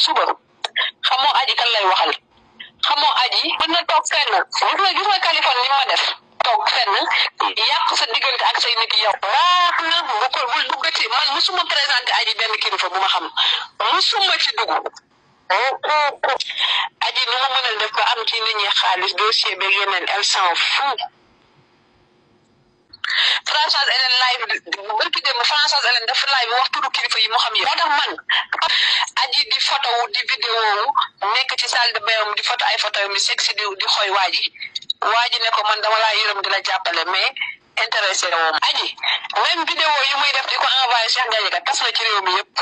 suba xamoo aji kan lay waxal xamoo aji mën toog fenn gis nga gis nga Kaliphone li ma def toog fenn yàq sa diggante ak say nit yow baax na bu ko bu musuma présenté aji benn kilifa bu ma xam musuma ci dugg aji nu mu mënal def ba am ci nit ñi xaalis dossier bi yeneen elle s'en fout Françoise Hélène live bërki démb Françoise Hélène dafa live wax turu kilifa yi moo xam yi moo man aji di photo wu di vidéo wu nekk ci salle de bain di photo ay photo yu mi sexy di di xooy waa ji ko man dama laa yërëm di la jàppale mais intéressé woom aji même vidéo yi muy def di ko envoyé Cheikh Gadiaga tas na ci réew mi yëpp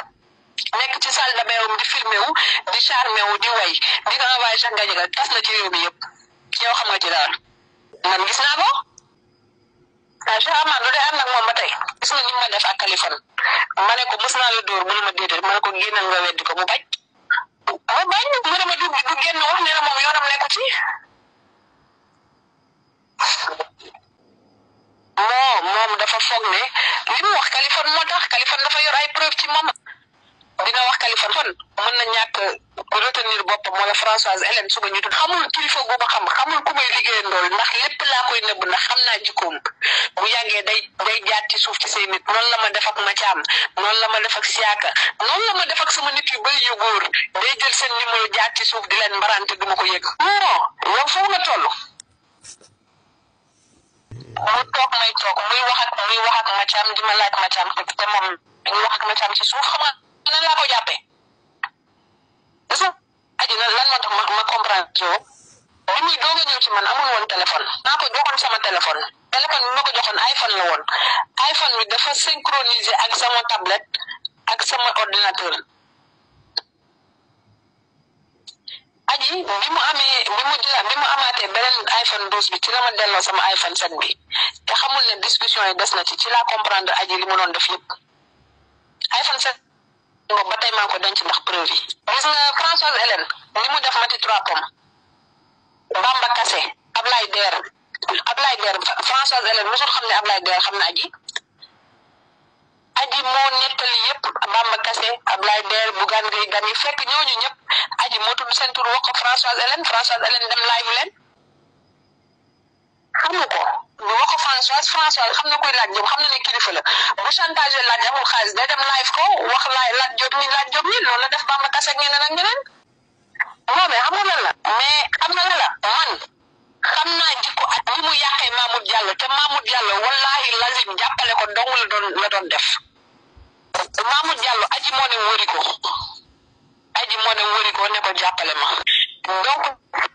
nekk ci salle de bain di filmé wu di charmé wu di way di ko envoyé Cheikh Gadiaga tas na mi yëpp yow xam nga ci man gis naa waaw Cheikh Amadou de ànd moom ba tey gis nga ni ma def ak Kaliphone ma ko mos naa la dóor mu ne ma déedéet nga weddi ko mu bañ moom moom dafa foog ne li mu wax Kaliphone moo tax Kaliphone dafa yor preuve ci moom. dina wax Kaliphone fon mën na ñàkk retenir boppam wala Françoise Hélène suba ñu tudd xamul kilifa gu ma xam xamul ku may liggéey ndax lépp laa koy nëbb ndax xam naa jikkoom bu yàggee day day jaar ci suuf ci say nit noonu la ma def Mathiam noonu la ma def ak Siaka la ma def ak nit yu bëri yu day jël seen numéro jaar ci suuf di leen mbarante du ma ko yëg non yow foofu nga toll mu toog may toog muy wax Mathiam ma laaj Mathiam te moom ñu nan laa ko jàppee gis aji na lan moo tax comprendre yow muy doog a ñëw ci man amul woon téléphone naa ko joxoon sama téléphone téléphone bi ma joxoon iPhone la woon iPhone bi ak sama mu amaatee beneen iPhone 12 bi ci la ma delloo sama iPhone 7 bi te xamul ne discussion yi des na ci ci laa comprendre aji li mu doon def yëpp iPhone 7 boobu ba tey maa ngi ko denc ndax preuve Françoise Hélène li mu def Mati Trois Pommes Bamba Kassé Ablaye Der Ablaye Der Françoise Hélène mosul xam ne Ablaye Der xam na aji aji moo nettali yëpp Bamba Kassé Ablaye Der Bougane Gueye Dany fekk ñooñu ñëpp aji moo tudd seen tur wax Françoise Hélène Françoise Hélène dem live leen xamu ko ñu wax ko Françoise Françoise xam na koy laaj Diop xam na ne kilifa la bu chantage laaj amul xaalis day dem live ko wax laaj laaj Diop nii laaj Diop nii loolu la def Bamba Kassé ak ñeneen ak ñeneen moom xam nga xam nga lan man xam naa jikko ak mu yàqee Mamoud Diallo te Mamoud Diallo wallahi lazim jàppale ko dong la doon def Mamoud Diallo aji moo ne wëri aji moo ne wëri ne ko jàppale ma donc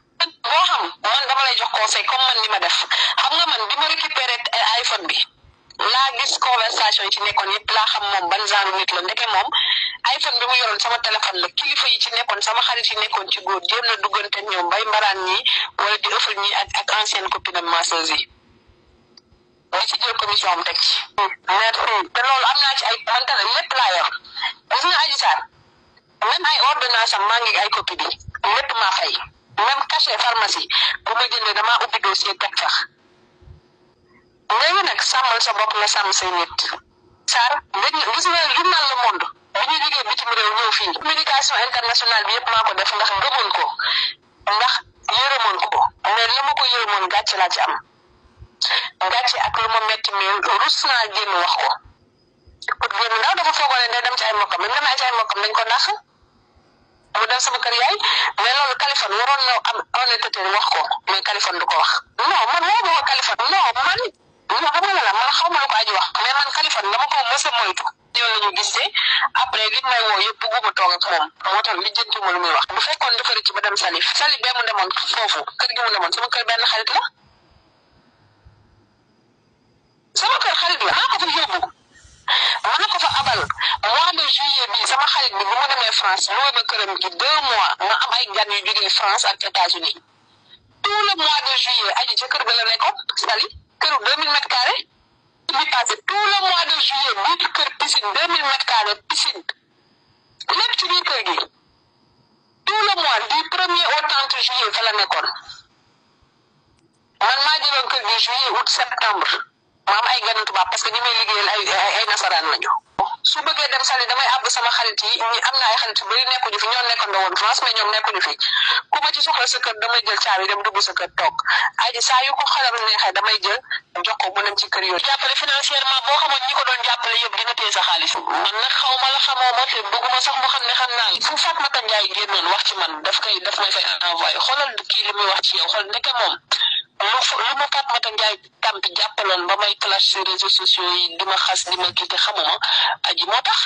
koo xam man dama lay jox conseil comme man ni ma def xam nga man bi ma récupéré iPhone bi laa gis conversation ci nekkoon yëpp laa xam moom ban genre nit la ndeke moom iPhone bi mu yoroon sama téléphone la kilifa yi ci nekkoon sama xarit yi nekkoon ci góor jéem na duggante ñoom ñi wala di ëffal ñi ak ak ancienne copine am ma yi nga ci jël commission am teg ci. merci te loolu am naa ay man lépp laa yor gis nga Adji Sarr même ay ordonnance am ngi ay même cachet pharmacie bu ma jëndee damaa ubbi dossier teg sax léegi nag sàmmal sa bopp nga sàmm say nit. Sarr léegi gis nga journal Le Monde bi ñuy liggéey bitim réew ñëw fii communication internationale bi yëpp maa ko def ndax gëmoon ko ndax yërëmoon ko mais li ma ko yërëmoon gàcce laa ci am gàcce ak lu ma metti mais rus naa génn wax ko. ut génn ndaw dafa foogoon ne day dem mu dem sama kër yaay mais loolu Kaliphone waroon na wax ko mais Kaliphone du ko ma ko Kaliphone non man non xam la man xaw ma lu ko aji wax mais man Kaliphone dama ko mës a moytu yoon la ñu après li may woo yëpp bëgguma toog ak moom moo ma lu muy wax bu fekkoon dafa rëcc ba dem Salif Salif bee mu demoon foofu kër gi mu demoon sama kër benn xarit la sama kër xarit la maa ko fa yóbbu man mois de juillet bi sama xarit bi bu ma demee France loué ma mois ma am ay gan yu jógee France ak États-Unis tout le mois de juillet aji ca kër ga la nekkoon sali këru deux mille mètres carrés tout le mois de juillet biir kër piscine deux mille mètres carrés piscine lépp ci biir kër gi tout le mois du premier au trente juillet fa la nekkoon man maa jëloon kër gi juillet août septembre ma am ay gan tubaab parce que ñi may liggéeyal ay ay su bëggee dem sali damay àbb sama xarit yi ñi am na ay xarit yu bëri nekkuñu fi ñoo nekkoon woon France mais ñoom nekkuñu fi ku ci soxla sa kër damay jël caabi dem sa kër toog damay jël ko mu dem ci kër yooyu jàppale financièrement boo xamoon ñi ko doon jàppale yëpp di nga téye sa xaalis man nag xaw ma la xamoo ma te bëgguma sax mu xam ne xam naa fu Fatmata Njaay génnoon wax ci man daf koy daf may fay envoyé xoolal kii li wax ci yow xool ndeke moom lu fu lu ma Fatoumata Ndiaye tampi jàppaloon ba may clash réseaux sociaux yi di ma xas di ma kiite xamuma aji moo tax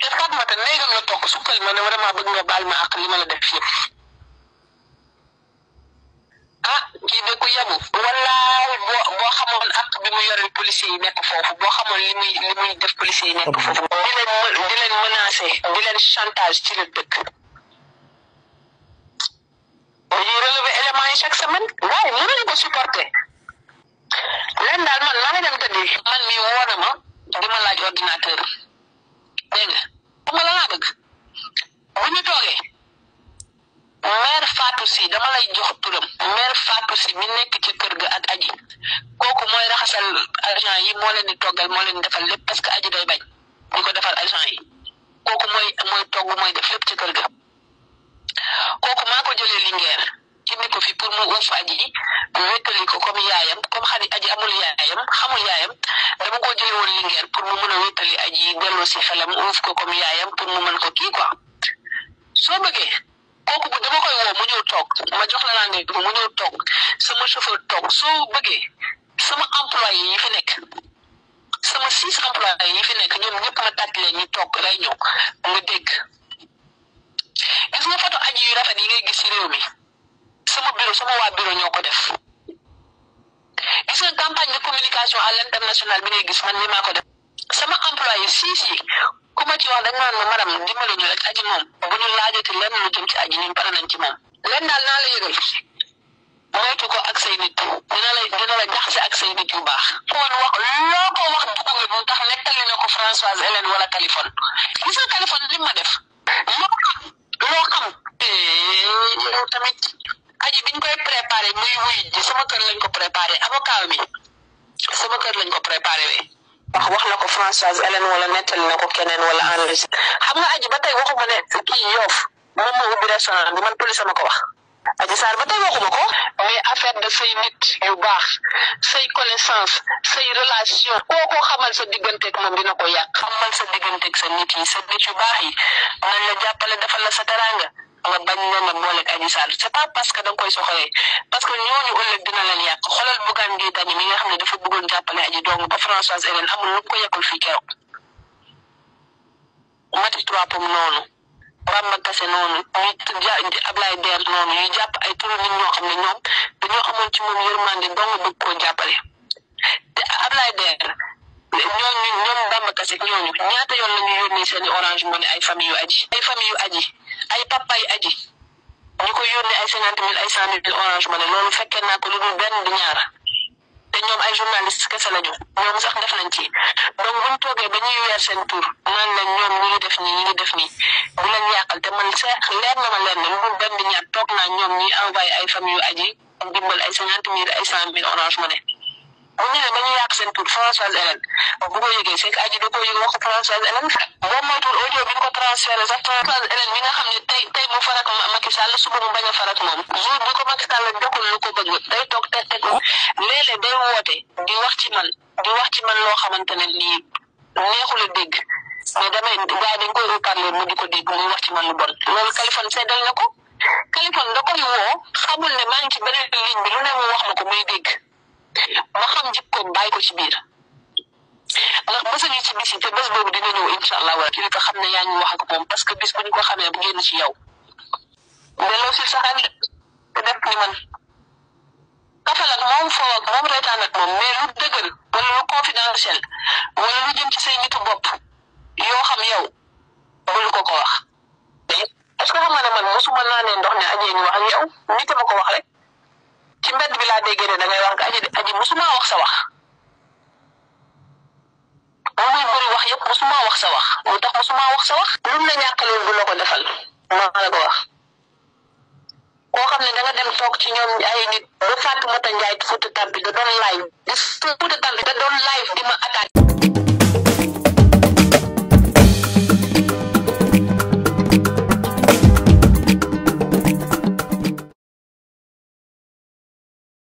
te Fatoumata néegam la toog sukkal ma ne vraiment bëgg nga baal ma àq li ma la def yëpp ah kii de ku yabu wallaay boo boo xamoon àq bi mu yoreel policiers yi nekk foofu boo xamoon li muy li muy def policiers yi nekk foofu di leen di leen menacer di leen chantage ci la dëkk chaque semaine waaye mënuñu ko supporter leen daal man ma nga dem tëddi man mii woo na ma di ma laaj ordinateur dégg nga bu ma la laa bëgg bu ñu toogee mère Fatou si dama lay jox turam mère Fatou si mi nekk ci kër ga ak aji kooku mooy raxasal agent yi moo leen di toggal moo leen di defal lépp parce que aji day bañ di ko defal agent yi kooku mooy mooy togg mooy def lépp ci kër ga kooku maa ko jëlee Linguère ko fi pour mu uuf aji wéttali ko comme yaayam comme xarit amul yaayam xamul yaayam dama ko jëlee woon lingeer pour mu mën a wéttali aji delloo si xelam uuf ko comme yaayam pour mu mën ko kii quoi soo bëggee kooku bu dama koy woo mu ñëw toog ma jox la mu toog sama chauffeur toog soo bëggee sama employé yi fi nekk sama six employé yi fi nekk ñoom ñëpp ma tàgg leen ñu toog lay ñëw nga dégg gis nga photo aji yi ngay gis ci réew mi sama bureau sama waa bureau ñoo ko def gis nga campagne de communication à l'international bi ngay gis man ni maa ko def sama employé sii si ku ma ci wax dañ naan ma madame dimbali ñu rek aji moom bu ñu laajati lenn lu jëm ci aji ñun pare nañ ci moom lenn daal naa la yëgal moytu ko ak say nit dina la dina la jaxase ak say nit yu baax woon wax wax dugg nga mu tax nettali na ko Françoise Hélène wala Californie gis nga Californie def aji biñ koy préparé muy wuy ji sama kër lañ ko préparé avocat bi sama kër lañ ko préparé wi wax wax na ko Françoise Hélène wala nettali na ko keneen wala enregistré xam nga aji ba tey waxuma ne kii yoof moom moo ubbi restaurant bi man police sama ko wax aji saar ba tey waxuma ko mais affaire de say nit yu baax say connaissance say relation kookoo xamal sa digganteeg moom dina ko yàq xamal sa digganteeg sa nit yi sa nit yu baax yi nañ la jàppale defal la nga bañ leen a booleeg Adji Sarr c' est pas parce que koy soxoree parce que ñooñu ëllëg dina leen yàq xoolal Bougane Gueye Dany mi nga xam ne dafa bëggoon jàppale Adji dong ba fii keroog Mati trois pom noonu Bamba Kassé ay turu ñoo xam ne ñoom dañoo amoon ci moom yërmande dong bëgg koo jàppale te Ablaye Der ñooñu ñoom Bamba Kassé ñooñu ñaata yoon la ñuy yónnee seen i ay famille yu aji ay famille yu aji. ay papay aji ñu koy yónnee ay cinquante mille ay cent mille orange ma ne loolu fekkee naa ko lu dul benn di ñaara te ñoom ay journaliste kese lañu ñoom sax def nañ ci donc buñ toogee ba seen tur naan la ñoom ñi ngi def nii ñi ngi def te man sa leer na ma leer na lu dul benn di ñoom ñi envoyé ay famille yu aji dimbal ay cinquante mille ay cent mille orange ma ne bu ñëwee ba ñu yàq seen tur Françoise Hélène bu ko yëgee c'est que aji da wax ko Françoise Hélène boo moytuwul audio bi ñu ko transféré sax Françoise Hélène bi nga xam ne tey tey mu farak Macky Sall suba mu bañ a farak moom jour bi ko Macky Sall joxul lu day woote di wax ci man di wax ci man loo xamante ne lii neexul a dégg mais damay gars yi dañ koy reparler mu di ko dégg muy wax ci man lu bon loolu Kaliphone na ko Kaliphone da koy woo xamul ne maa ci ba xam jikkoom bàyyi ko ci biir ndax bés a ngi ci bis yi te bés boobu dina ñëw incha allah wala dina ko xam ne yaa ngi wax ak moom parce que bis bu ñu ko xamee bu génn ci yow. delloo si saxal a def ni bopp yoo xam yow bul ko ko wax. est-ce que xam nga ne man naanee ndox ne añee ñu wax ak yow nit ma ko wax rek. ci mbedd bi laa déggee ne da ngay wax nga aji aji musuma wax sa wax ba muy wax yëpp musuma wax sa wax mu tax musuma wax sa wax lu mu la ñàkkalul du ko defal maa la ko wax koo xam ne da nga dem toog ci ñoom ay nit ba Fatoumata Ndiaye Fouta Tampi da doon live di Fouta Tampi da doon live di ma attaqué